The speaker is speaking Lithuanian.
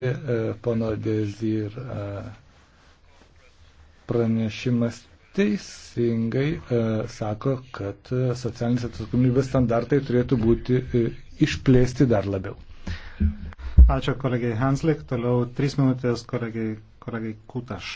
E, e, pono Dezir e, pranešimas teisingai sako, kad socialinės atsakomybės standartai turėtų būti išplėsti dar labiau. Ačiū kolegiai Hanslik, toliau trys minutės kolegiai, kolegiai Kutaš.